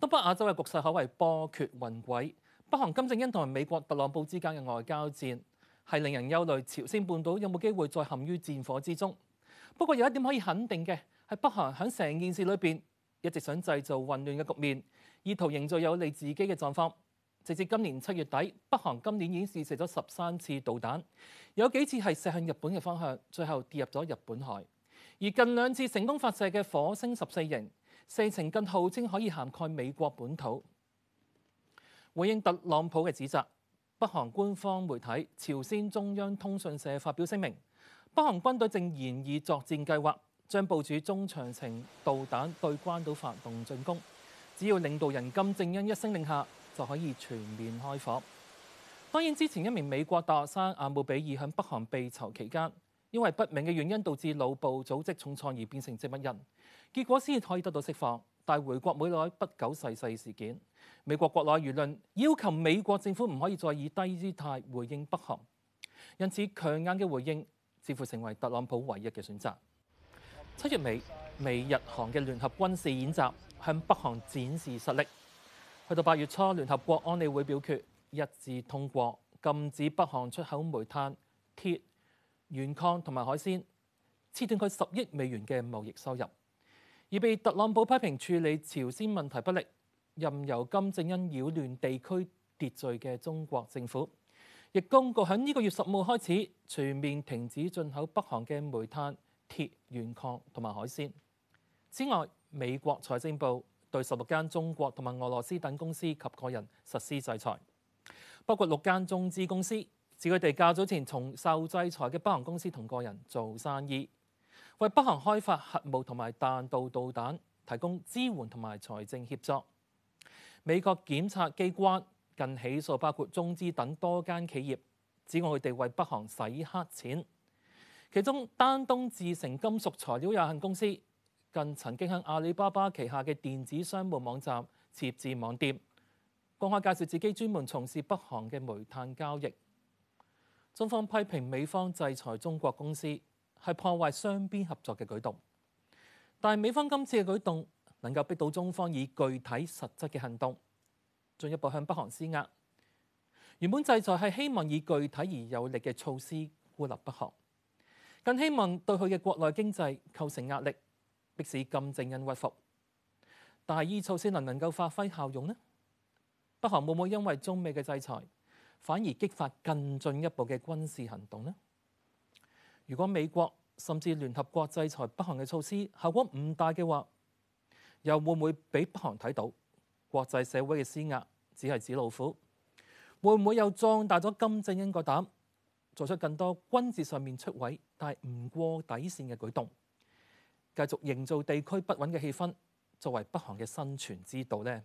東北亞洲嘅局勢可謂波譎雲詭，北韓金正恩同埋美國特朗普之間嘅外交戰係令人憂慮，朝鮮半島有冇機會再陷於戰火之中？不過有一點可以肯定嘅係，北韓喺成件事裏面一直想製造混亂嘅局面，意圖營造有利自己嘅狀況。直至今年七月底，北韓今年已經試射咗十三次導彈，有幾次係射向日本嘅方向，最後跌入咗日本海。而近兩次成功發射嘅火星十四型。射程更號稱可以涵蓋美國本土，回應特朗普嘅指責，北韓官方媒體朝鮮中央通訊社發表聲明，北韓軍隊正研擬作戰計劃，將部署中長程導彈對關島發動進攻，只要領導人金正恩一聲令下，就可以全面開火。當然，之前一名美國大學生阿姆比爾響北韓被囚期間。因為不明嘅原因導致腦部組織重創而變成植物人，結果先可以得到釋放。但回國冇耐不久逝世，世事件，美國國內輿論要求美國政府唔可以再以低姿態回應北韓，因此強硬嘅回應似乎成為特朗普唯一嘅選擇。七月尾，美日韓嘅聯合軍事演習向北韓展示實力。去到八月初，聯合國安理會表決一致通過禁止北韓出口煤炭、鐵。鉛礦同埋海鮮，切斷佢十億美元嘅貿易收入，而被特朗普批評處理朝鮮問題不力，任由金正恩擾亂地區秩序嘅中國政府，亦公告喺呢個月十五號開始全面停止進口北韓嘅煤炭、鐵、鉛礦同埋海鮮。此外，美國財政部對十六間中國同埋俄羅斯等公司及個人實施制裁，包括六間中資公司。指佢哋較早前從受制裁嘅北韓公司同個人做生意，為北韓開發核武同埋彈道導彈提供支援同埋財政協助。美國檢察機關近起訴包括中資等多間企業，指佢哋為北韓洗黑錢。其中丹東自成金屬材料有限公司近曾經向阿里巴巴旗下嘅電子商務網站設置網店，公開介紹自己專門從事北韓嘅煤炭交易。中方批評美方制裁中國公司係破壞雙邊合作嘅舉動，但係美方今次嘅舉動能夠逼到中方以具體實質嘅行動進一步向北韓施壓。原本制裁係希望以具體而有力嘅措施孤立北韓，更希望對佢嘅國內經濟構成壓力，迫使金正恩屈服。但係呢措施能唔能夠發揮效用呢？北韓會唔會因為中美嘅制裁，反而激發更進一步嘅軍事行動呢？如果美國甚至聯合國制裁北韓嘅措施效果唔大嘅話，又會唔會俾北韓睇到國際社會嘅施壓只係紙老虎？會唔會又壯大咗金正恩個膽，做出更多軍事上面出位但係唔過底線嘅舉動，繼續營造地區不穩嘅氣氛，作為北韓嘅生存之道呢？